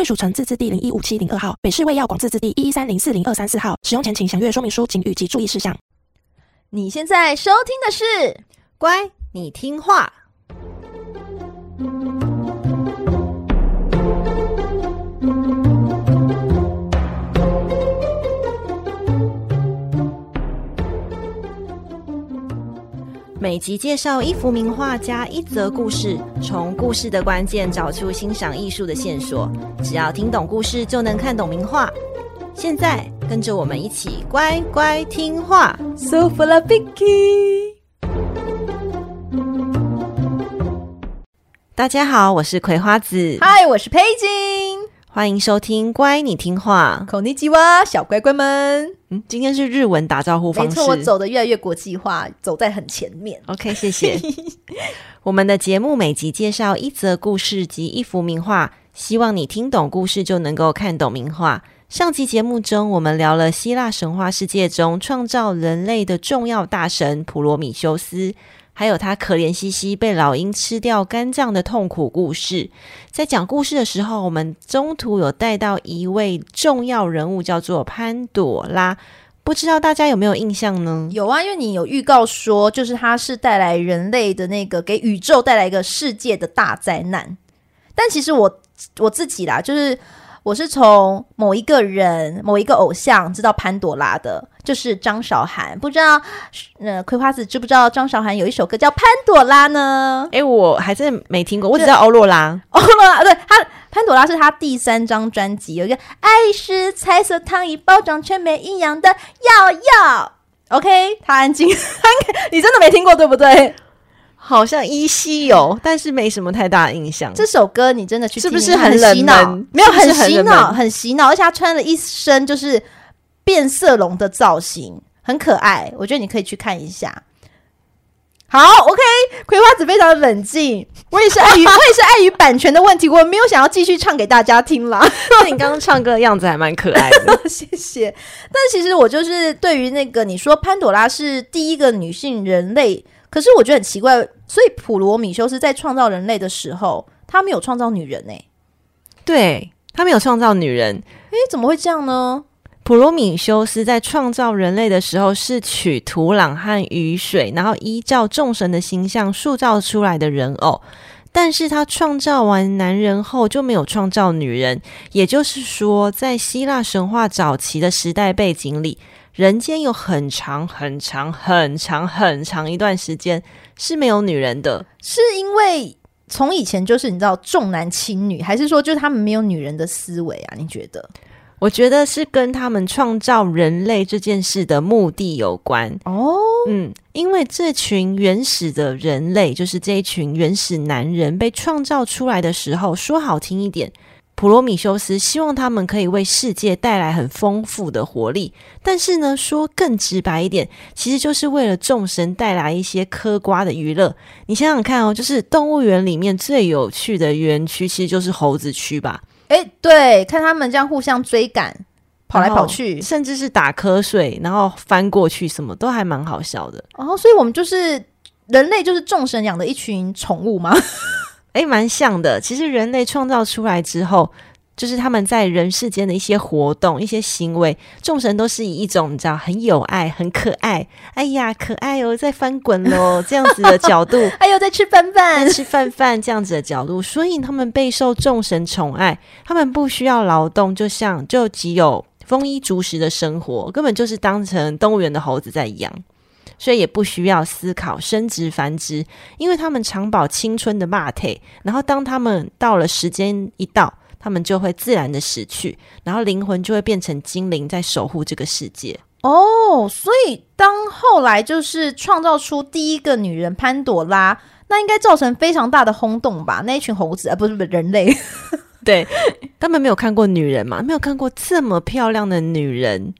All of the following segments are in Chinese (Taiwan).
衛署成藥字第零一五七零二號，北市衛藥廣字第一一三零四零二三四號。使用前請詳閱說明書警語、及其注意事項。你現在收聽的是，乖，你聽畫。每集介紹一幅名畫加一則故事，從故事的關鍵找出欣賞藝術的線索。只要聽懂故事，就能看懂名畫。現在跟着我們一起乖乖聽話，舒服了 b 大家好，我是葵花子，嗨，我是佩奇。歡迎收聽《乖，你聽畫》。口尼吉哇，小乖乖們，嗯，今天是日文打招呼方式。沒錯，我走得越來越國際化，走在很前面。OK，謝謝。 我們的節目每集介紹一則故事及一幅名畫，希望你聽懂故事就能夠看懂名畫。上集節目中，我們聊了希臘神話世界中創造人類的重要大神普羅米修斯。還有他可憐兮兮被老鷹吃掉肝臟的痛苦故事，在講故事的時候，我們中途有帶到一位重要人物，叫做潘朵拉，不知道大家有沒有印象呢？有啊，因為你有預告說，就是他是帶來人類的那個給宇宙帶來一個世界的大災難，但其實我我自己啦，就是。我是從某一個人、某一個偶像知道潘朵拉的，就是張韶涵。不知道，呃，葵花子知不知道張韶涵有一首歌叫《潘朵拉》呢？哎、欸，我還是沒聽過，我只知道歐若拉。歐若拉，對，她《潘朵拉》是她第三張專輯，有一個愛是彩色糖衣包裝卻沒營養的藥藥。OK，他安靜，安靜，你真的沒聽過對不對？好像依稀有，但是沒什麼太大的印象。這首歌你真的去是不是很洗腦？沒有很洗腦，很洗腦，而且他穿了一身就是變色龍的造型，很可愛。我覺得你可以去看一下。好，OK，葵花子非常的冷靜。我也是礙於 我也是礙於版權的問題，我沒有想要繼續唱給大家聽了。 你剛剛唱歌的樣子還蠻可愛的， 謝謝。但其實我就是對於那個你說潘朵拉是第一個女性人類。可是我覺得很奇怪，所以普羅米修斯在創造人類的時候，他沒有創造女人誒、欸。對，他沒有創造女人，誒，怎麼會這樣呢？普羅米修斯在創造人類的時候，是取土壤和雨水，然後依照眾神的形象塑造出來的人偶。但是他創造完男人後，就沒有創造女人。也就是說，在希臘神話早期的時代背景裡。人間有很長很長很長很長一段時間是沒有女人的。是因為從以前就是你知道重男輕女，還是說就是他們沒有女人的思維啊？你覺得？我覺得是跟他們創造人類這件事的目的有關哦。Oh? 嗯，因為這群原始的人類，就是這一群原始男人被創造出來的時候，說好聽一點。普羅米修斯希望他們可以為世界帶來很豐富的活力，但是呢，說更直白一點，其實就是為了眾神帶來一些嗑瓜的娛樂。你想想看哦，就是動物園裡面最有趣的園區，其實就是猴子區吧？欸，對，看他們這樣互相追趕、跑來跑去，甚至是打瞌睡，然後翻過去，什麼都還蠻好笑的。然後，所以我們就是人類，就是眾神養的一群寵物嗎？哎、欸，蠻像的。其實人類創造出來之後，就是他們在人世間的一些活動、一些行為，眾神都是以一種你知道，很有愛、很可愛。哎呀，可愛哦，在翻滾嘍， 這樣子的角度。 哎呦，在吃飯飯，吃飯飯這樣子的角度，所以他們備受眾神寵愛。 他們不需要勞動，就像就只有豐衣足食的生活，根本就是當成動物園的猴子在養。所以也不需要思考生殖繁殖，因為他們常保青春的肉體，然後當他們到了時間一到，他們就會自然的死去，然後靈魂就會變成精靈，在守護這個世界。哦、oh，所以當後來就是創造出第一個女人潘朵拉，那應該造成非常大的轟動吧？那一群猴子啊、呃，不是人類， 對，根本沒有看過女人嘛，沒有看過這麼漂亮的女人。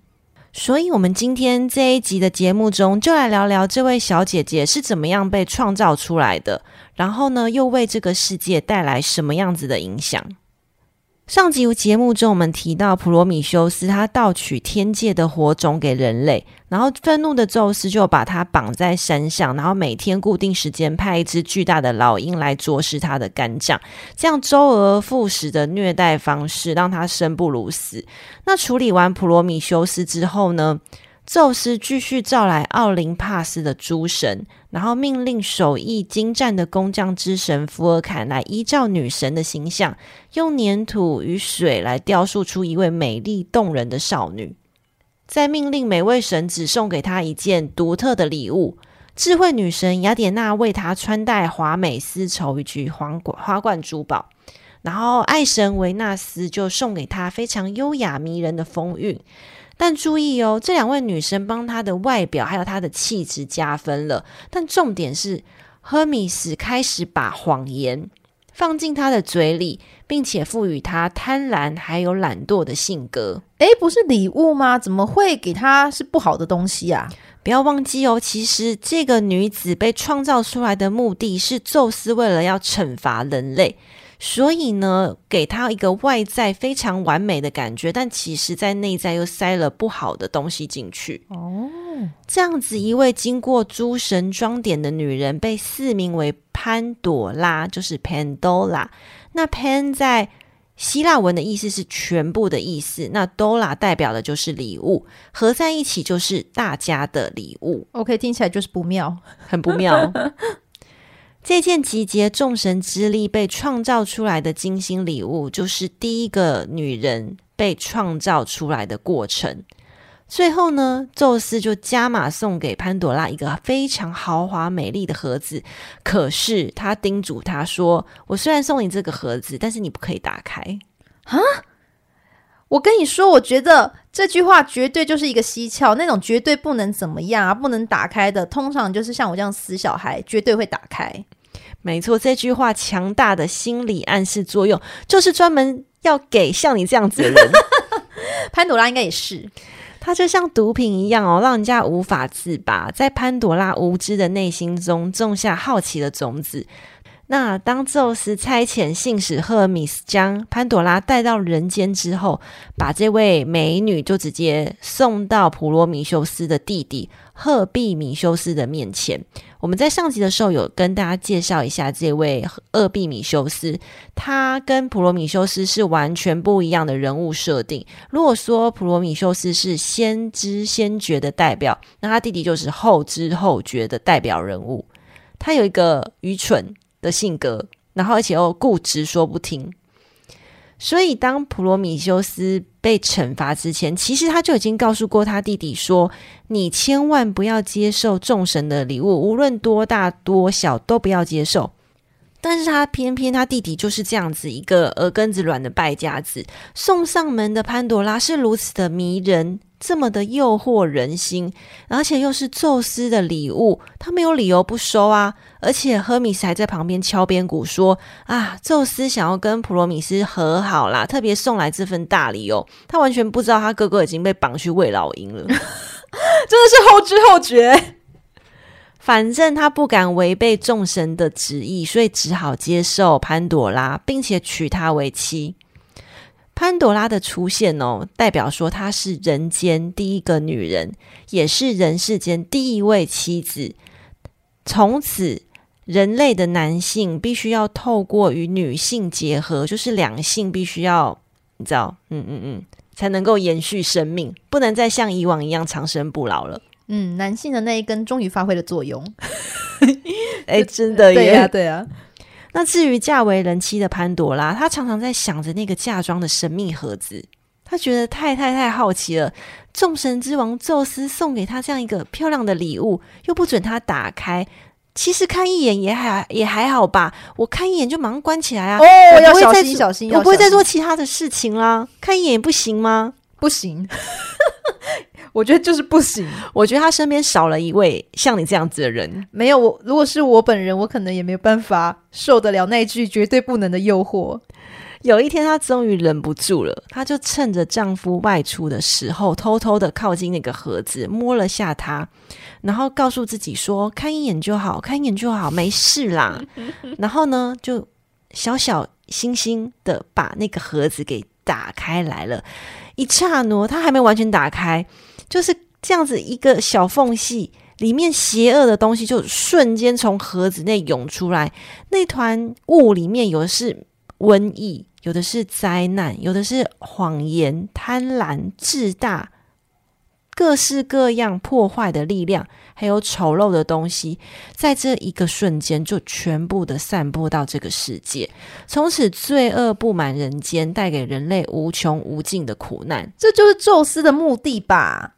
所以我們今天這一集的節目中，就來聊聊這位小姐姐是怎麼樣被創造出來的，然後呢，又為這個世界帶來什麼樣子的影響。上集節目中，我們提到普羅米修斯，他盜取天界的火種給人類，然後憤怒的宙斯就把他綁在山上，然後每天固定時間派一隻巨大的老鷹來啄食他的肝臟，這樣周而復始的虐待方式讓他生不如死。那處理完普羅米修斯之後呢？宙斯繼續召來奧林帕斯的諸神，然後命令手藝精湛的工匠之神福爾坎來依照女神的形象，用黏土與水來雕塑出一位美麗動人的少女。再命令每位神祇送給她一件獨特的禮物。智慧女神雅典娜為她穿戴華美絲綢與菊黃花冠珠寶，然後愛神維納斯就送給她非常優雅迷人的風韻。但注意哦，這兩位女生幫她的外表還有她的氣質加分了。但重點是，赫米斯開始把謊言放進她的嘴裡，並且賦予她貪婪還有懶惰的性格。哎，不是禮物嗎？怎麼會給她是不好的東西啊？不要忘記哦，其實這個女子被創造出來的目的是宙斯為了要懲罰人類。所以呢，給他一個外在非常完美的感覺，但其實在內在又塞了不好的東西進去。哦、oh.，這樣子一位經過諸神裝點的女人被賜名為潘朵拉，就是 Pandora。那 Pan 在希臘文的意思是全部的意思，那 Dora 代表的就是禮物，合在一起就是大家的禮物。OK，聽起來就是不妙，很不妙。 這件集結眾神之力被創造出來的精心禮物，就是第一個女人被創造出來的過程。最後呢，宙斯就加碼送給潘朵拉一個非常豪華美麗的盒子，可是他叮囑他說：“我雖然送你這個盒子，但是你不可以打開。”啊！我跟你說，我覺得這句話絕對就是一個蹊蹺，那種絕對不能怎麼樣啊，不能打開的，通常就是像我這樣死小孩，絕對會打開。沒錯，這句話強大的心理暗示作用，就是專門要給像你這樣子的人。 潘朵拉應該也是，他就像毒品一樣哦，讓人家無法自拔，在潘朵拉無知的內心中種下好奇的種子。那當宙斯差遣信使赫爾米斯將潘朵拉帶到人間之後，把這位美女就直接送到普羅米修斯的弟弟赫庇米修斯的面前。我們在上集的時候有跟大家介紹一下這位赫庇米修斯，他跟普羅米修斯是完全不一樣的人物設定。如果說普羅米修斯是先知先覺的代表，那他弟弟就是後知後覺的代表人物。他有一個愚蠢的性格，然後而且又固執，說不聽。所以，當普羅米修斯被懲罰之前，其實他就已經告訴過他弟弟說：“你千萬不要接受眾神的禮物，無論多大多小，都不要接受。”但是，他偏偏他弟弟就是這樣子一個耳根子軟的敗家子，送上門的潘朵拉是如此的迷人。這麼的誘惑人心，而且又是宙斯的禮物，他沒有理由不收啊！而且赫米斯還在旁邊敲邊鼓說：“啊，宙斯想要跟普羅米斯和好啦，特別送來這份大禮哦。”他完全不知道他哥哥已經被綁去餵老鷹了， 真的是後知後覺。 反正他不敢違背眾神的旨意，所以只好接受潘朵拉，並且娶她為妻。潘朵拉的出現哦，代表說她是人間第一個女人，也是人世間第一位妻子。從此，人類的男性必須要透過與女性結合，就是兩性必須要，你知道，嗯嗯嗯，才能夠延續生命，不能再像以往一樣長生不老了。嗯，男性的那一根終於發揮了作用。哎、 欸，真的耶！對 對啊。對啊那至於嫁為人妻的潘朵拉，她常常在想着那個嫁妝的神秘盒子。她覺得太太太好奇了，眾神之王宙斯送給她這樣一個漂亮的禮物，又不准她打開。其實看一眼也還也還好吧，我看一眼就馬上關起來啊！哦、我就會再，要小心，小心，要小心，我不會再做其他的事情啦。看一眼不行嗎？不行， 我覺得就是不行。 我覺得她身邊少了一位像你這樣子的人。沒有我，如果是我本人，我可能也沒有辦法受得了那句絕對不能的誘惑。有一天，她終於忍不住了，她就趁着丈夫外出的時候，偷偷的靠近那個盒子，摸了下它，然後告訴自己說：“看一眼就好，看一眼就好，沒事啦。 ”然後呢，就小小心心的把那個盒子給打開來了。一剎那，它還沒完全打開，就是這樣子一個小縫隙，裡面邪惡的東西就瞬間從盒子內湧出來。那團霧裡面有的是瘟疫，有的是災難，有的是謊言、貪婪、自大。各式各樣破壞的力量，還有醜陋的東西，在這一個瞬間就全部的散播到這個世界。從此，罪惡佈滿人間，帶給人類無窮無盡的苦難。這就是宙斯的目的吧？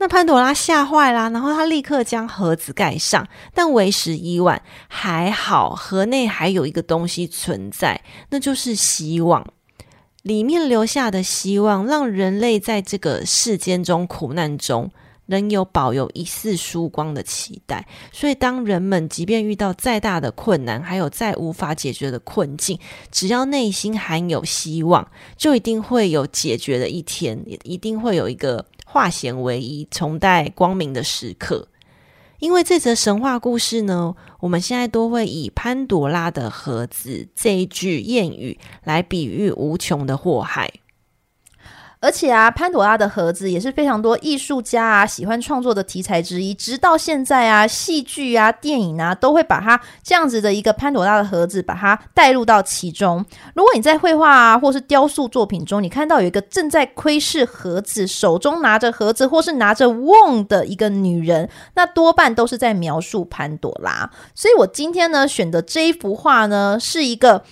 那潘朵拉嚇壞啦，然後他立刻將盒子蓋上，但為時已晚。還好，盒內還有一個東西存在，那就是希望。裡面留下的希望，讓人類在這個世間中苦難中，仍有保有一絲曙光的期待。所以，當人們即便遇到再大的困難，還有再無法解決的困境，只要內心含有希望，就一定會有解決的一天，也一定會有一個化險為夷、重待光明的時刻。因為這則神話故事呢，我們現在都會以“潘朵拉的盒子”這一句諺語來比喻無窮的禍害。而且啊，潘朵拉的盒子也是非常多藝術家啊喜歡創作的題材之一。直到現在啊，戲劇啊、電影啊，都會把它這樣子的一個潘朵拉的盒子，把它帶入到其中。如果你在繪畫啊，或是雕塑作品中，你看到有一個正在窺視盒子、手中拿着盒子或是拿着甕的一個女人，那多半都是在描述潘朵拉。所以我今天呢，選的這一幅畫呢，是一個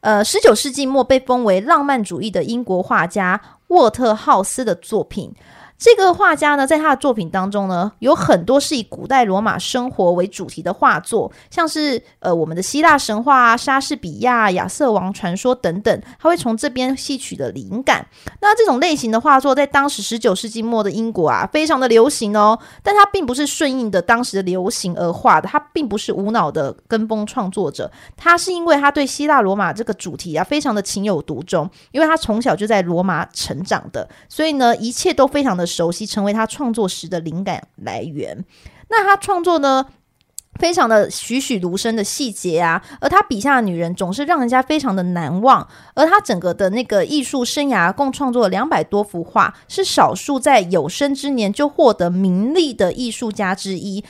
呃十九世紀末被封為浪漫主義的英國畫家。沃特豪斯的作品。這個畫家呢，在他的作品當中呢，有很多是以古代羅馬生活為主題的畫作，像是呃我們的希臘神話啊、莎士比亞、亞瑟王傳說等等，他會從這邊吸取的靈感。那這種類型的畫作在當時十九世紀末的英國啊，非常的流行哦。但他並不是順應的當時的流行而畫的，他並不是無腦的跟風創作者，他是因為他對希臘羅馬這個主題啊，非常的情有獨鍾，因為他從小就在羅馬成長的，所以呢，一切都非常的。熟悉，成為他創作時的靈感來源。那他創作呢，非常的栩栩如生的細節啊，而他筆下的女人總是讓人家非常的難忘。而他整個的那個藝術生涯，共創作了兩百多幅畫，是少數在有生之年就獲得名利的藝術家之一。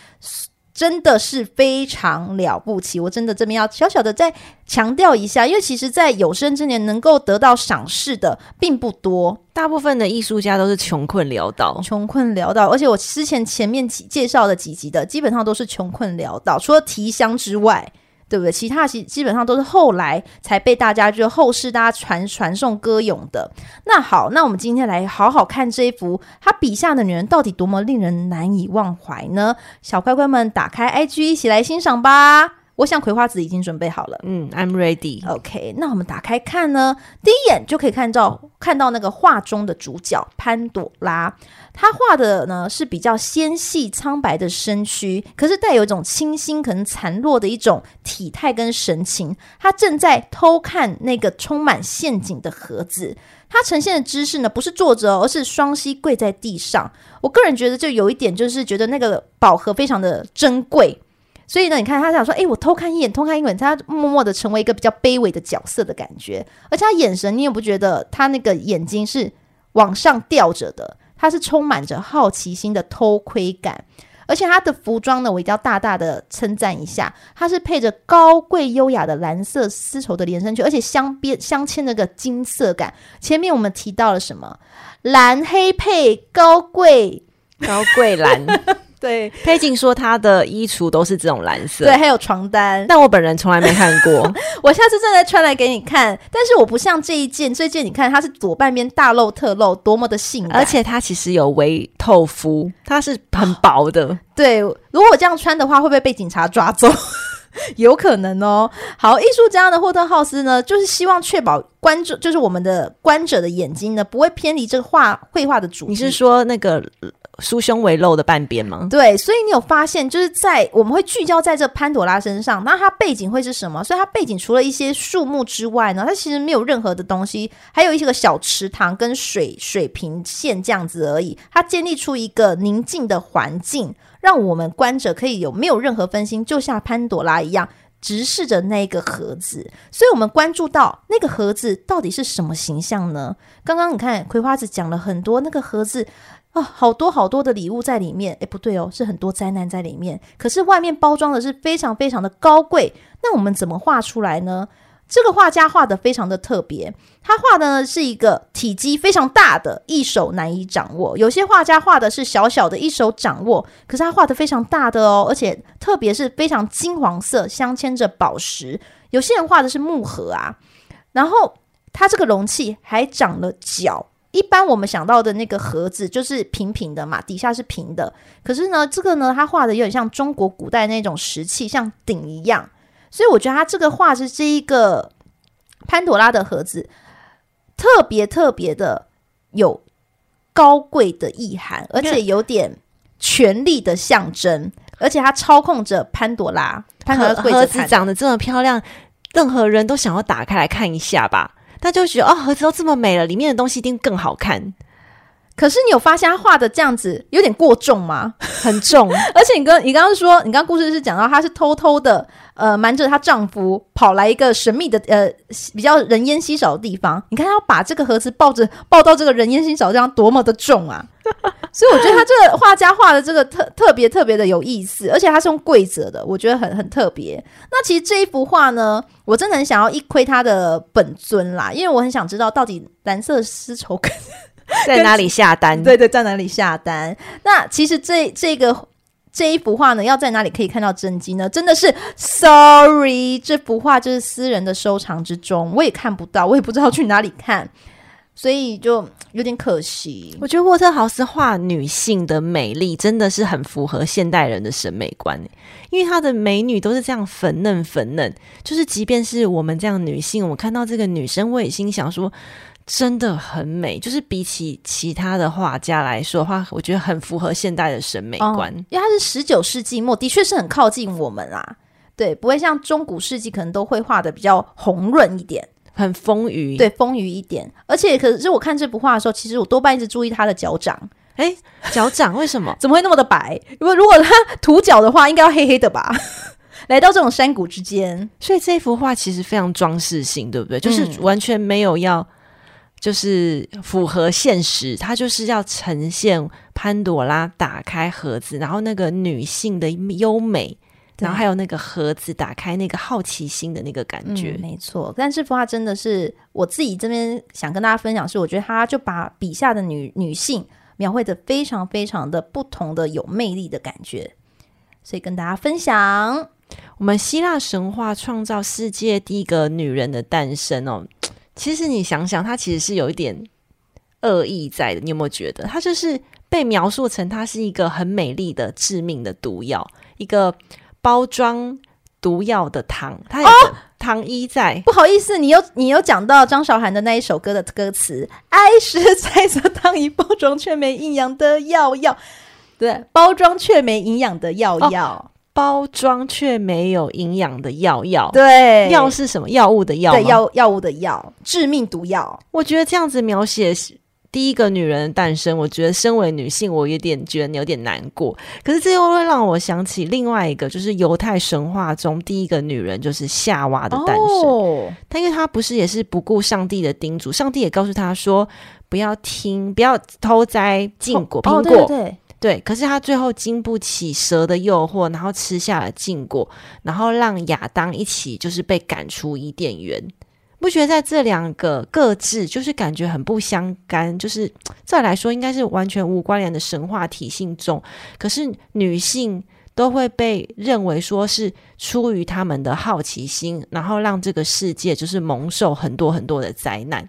真的是非常了不起，我真的這邊要小小的再強調一下，因為其實，在有生之年能夠得到賞識的並不多，大部分的藝術家都是窮困潦倒，窮困潦倒。而且我之前前面幾介紹的幾集的，基本上都是窮困潦倒，除了提香之外。對不對？其他其基本上都是後來才被大家就是、後世大家傳傳頌歌詠的。那好，那我們今天來好好看這一幅他筆下的女人到底多麼令人難以忘懷呢？小乖乖們，打開 IG 一起來欣賞吧。我想葵花子已經準備好了。嗯，I'm ready。OK，那我們打開看呢，第一眼就可以看到看到那個畫中的主角潘朵拉。他畫的呢是比較纖細蒼白的身軀，可是帶有一種清新，可能孱弱的一種體態跟神情。他正在偷看那個充滿陷阱的盒子，他呈現的姿勢呢不是坐着哦，而是雙膝跪在地上。我個人覺得就有一點，就是覺得那個寶盒非常的珍貴，所以呢，你看他想說：“欸，我偷看一眼，偷看一眼。”他默默的成為一個比較卑微的角色的感覺，而且他眼神，你也不覺得他那個眼睛是往上吊着的。它是充滿着好奇心的偷窺感，而且它的服裝呢，我一定要大大的稱讚一下，它是配着高貴優雅的藍色絲綢的連身裙，而且鑲邊鑲嵌那個金色感。前面我們提到了什麼？藍黑配高貴，高貴藍。 對，佩錦說她的衣櫥都是這種藍色。對，還有床單。但我本人從來沒看過。 我下次正在穿來給你看。但是我不像這一件，這件你看，它是左半邊大露特露，多麼的性感。而且它其實有微透膚，它是很薄的、哦。對，如果我這樣穿的話，會不會被警察抓走？ 有可能哦。好，藝術家的沃特豪斯呢，就是希望確保觀眾，就是我們的觀者的眼睛呢，不會偏離這個畫繪畫的主。你是說那個？酥胸微露的半邊嗎？對，所以你有發現，就是在我們會聚焦在這潘朵拉身上，那它背景會是什麼？所以它背景除了一些樹木之外呢，它其實沒有任何的東西，還有一些個小池塘跟水水平線這樣子而已。它建立出一個寧靜的環境，讓我們觀者可以有沒有任何分心，就像潘朵拉一樣。直視着那一個盒子，所以我們關注到那個盒子到底是什麼形象呢？剛剛你看葵花子講了很多，那個盒子啊，哦，好多好多的禮物在裡面，誒，不對哦，是很多災難在裡面。可是外面包裝的是非常非常的高貴，那我們怎麼畫出來呢？這個畫家畫的非常的特別，他畫的呢是一個體積非常大的，一手難以掌握。有些畫家畫的是小小的一手掌握，可是他畫的非常大的哦，而且特別是非常金黃色，鑲嵌着寶石。有些人畫的是木盒啊，然後它這個容器還長了腳。一般我們想到的那個盒子就是平平的嘛，底下是平的。可是呢，這個呢，他畫的有點像中國古代那種石器，像鼎一樣。所以我覺得他這個畫是這一個潘朵拉的盒子，特別特別的有高貴的意涵，而且有點權力的象徵，而且他操控着潘朵拉。潘盒盒子長得這麼漂亮，任何人都想要打開來看一下吧？他就覺得哦，盒子都這麼美了，裡面的東西一定更好看。可是你有發現他畫的這樣子有點過重嗎？ 很重。 而且你剛你剛剛說，你剛故事是講到他是偷偷的。呃，瞞着她丈夫跑來一個神秘的呃比較人煙稀少的地方。你看她要把這個盒子抱着抱到這個人煙稀少這樣，多麼的重啊！ 所以我覺得他這個畫家畫的這個特特別特別的有意思，而且他是用跪着的，我覺得很很特別。那其實這一幅畫呢，我真的很想要一窺他的本尊啦，因為我很想知道到底藍色絲綢在哪裡下單？對，對對，在哪裡下單？那其實這這個。這一幅畫呢，要在哪裡可以看到真跡？呢？真的是，sorry，這幅畫就是私人的收藏之中，我也看不到，我也不知道去哪裡看，所以就有點可惜。我覺得沃特豪斯畫女性的美麗，真的是很符合現代人的審美觀欸，因為她的美女都是這樣粉嫩粉嫩，就是即便是我們這樣女性，我看到這個女生，我也心想說。真的很美，就是比起其他的畫家來說的話，話，我覺得很符合現代的審美觀，oh, 因為它是十九世紀末，的確是很靠近我們啦、啊。對，不會像中古世紀可能都會畫得比較紅潤一點，很豐腴，對豐腴一點。而且可是我看這幅畫的時候，其實我多半一直注意他的腳掌。誒、欸，腳掌為什麼？ 怎麼會那麼的白？如果如果他塗腳的話，應該要黑黑的吧？ 來到這種山谷之間，所以這幅畫其實非常裝飾性，對不對？就是完全沒有要。就是符合現實，它就是要呈現潘朵拉打開盒子，然後那個女性的優美，然後還有那個盒子打開那個好奇心的那個感覺，嗯、沒錯。但是畫真的是我自己這邊想跟大家分享是，我覺得他就把筆下的女女性描繪得非常非常的不同的有魅力的感覺，所以跟大家分享我們希臘神話創造世界第一個女人的誕生哦。其實你想想，它其實是有一點惡意在的。你有沒有覺得，它就是被描述成它是一個很美麗的致命的毒藥，一個包裝毒藥的糖，它有糖衣在。哦，不好意思，你有你有講到張韶涵的那一首歌的歌詞，“愛是彩色糖衣包裝卻沒營養的藥藥”，對，包裝卻沒營養的藥藥。哦。包裝卻沒有營養的藥藥，對藥是什麼？藥物的藥，對藥藥物的藥，致命毒藥。我覺得這樣子描寫第一個女人的誕生，我覺得身為女性，我有點覺得有點難過。可是這又會讓我想起另外一個，就是猶太神話中第一個女人就是夏娃的誕生。哦。但因為她不是也是不顧上帝的叮囑，上帝也告訴她說不要聽，不要偷摘禁果。蘋果，哦。對，對,對。對，可是他最後經不起蛇的誘惑，然後吃下了禁果，然後讓亞當一起就是被趕出伊甸園。不覺得在這兩個各自就是感覺很不相干，就是再來說應該是完全無關聯的神話體系中，可是女性都會被認為說是出於他們的好奇心，然後讓這個世界就是蒙受很多很多的災難。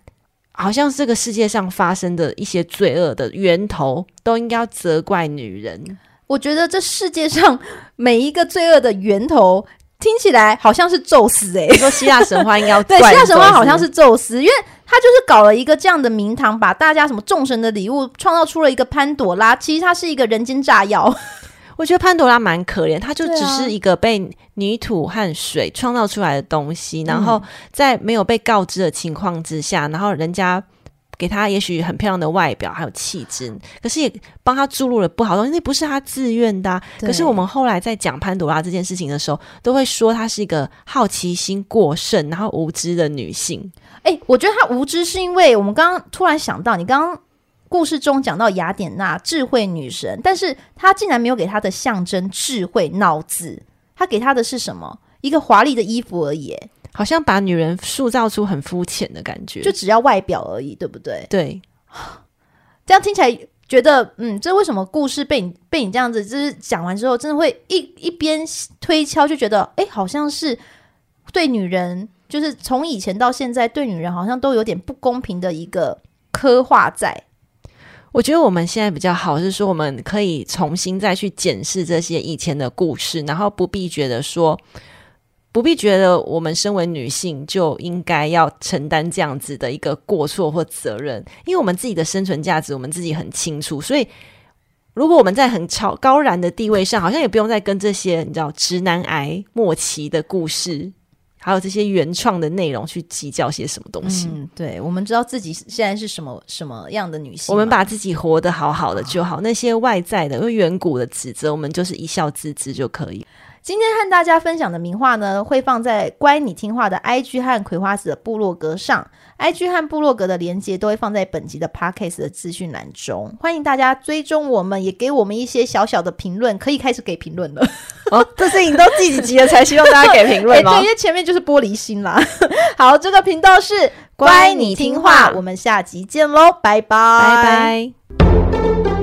好像這個世界上發生的一些罪惡的源頭，都應該要責怪女人。我覺得這世界上每一個罪惡的源頭，聽起來好像是宙斯，欸。哎，， 欸，說希臘神話應該對。希 臘神話好像是宙斯， 因為他就是搞了一個這樣的名堂，把大家什麼眾神的禮物創造出了一個潘朵拉，其實它是一個人間炸藥。 我覺得潘朵拉蠻可憐，她就只是一個被泥土和水創造出來的東西，啊、然後在沒有被告知的情況之下、嗯，然後人家給她也許很漂亮的外表，還有氣質，可是也幫她注入了不好的東西，那不是她自願的、啊。可是我們後來在講潘朵拉這件事情的時候，都會說她是一個好奇心過盛然後無知的女性。哎、欸，我覺得她無知是因為我們剛剛突然想到，你剛。故事中講到雅典娜，智慧女神，但是她竟然沒有給她的象徵智慧腦子，她給她的是什麼？一個華麗的衣服而已，好像把女人塑造出很膚淺的感覺，就只要外表而已，對不對？對，這樣聽起來覺得，嗯，這為什麼故事被你被你這樣子，就是講完之後，真的會一一邊推敲，就覺得，誒，好像是對女人，就是從以前到現在，對女人好像都有點不公平的一個刻畫在。我覺得我們現在比較好，是說我們可以重新再去檢視這些以前的故事，然後不必覺得說，不必覺得我們身為女性就應該要承擔這樣子的一個過錯或責任，因為我們自己的生存價值我們自己很清楚。所以，如果我們在很超高然的地位上，好像也不用再跟這些你知道直男癌末期的故事，還有這些原創的內容去計較些什麼東西？嗯，對，我們知道自己現在是什麼什麼樣的女性，我們把自己活得好好的就好。哦、那些外在的，因為遠古的指責，我們就是一笑置之就可以。今天和大家分享的名畫呢，會放在乖你聽畫的 IG 和葵花子的部落格上、嗯，IG 和部落格的鏈接都會放在本集的 Podcast 的資訊欄中。歡迎大家追蹤我們，也給我們一些小小的評論，可以開始給評論了。哦， 這是你都第幾集了才希望大家給評論嗎？因 為前面就是玻璃心啦。 好，這個頻道是乖你，乖你聽畫，我們下集見嘍，拜拜。拜拜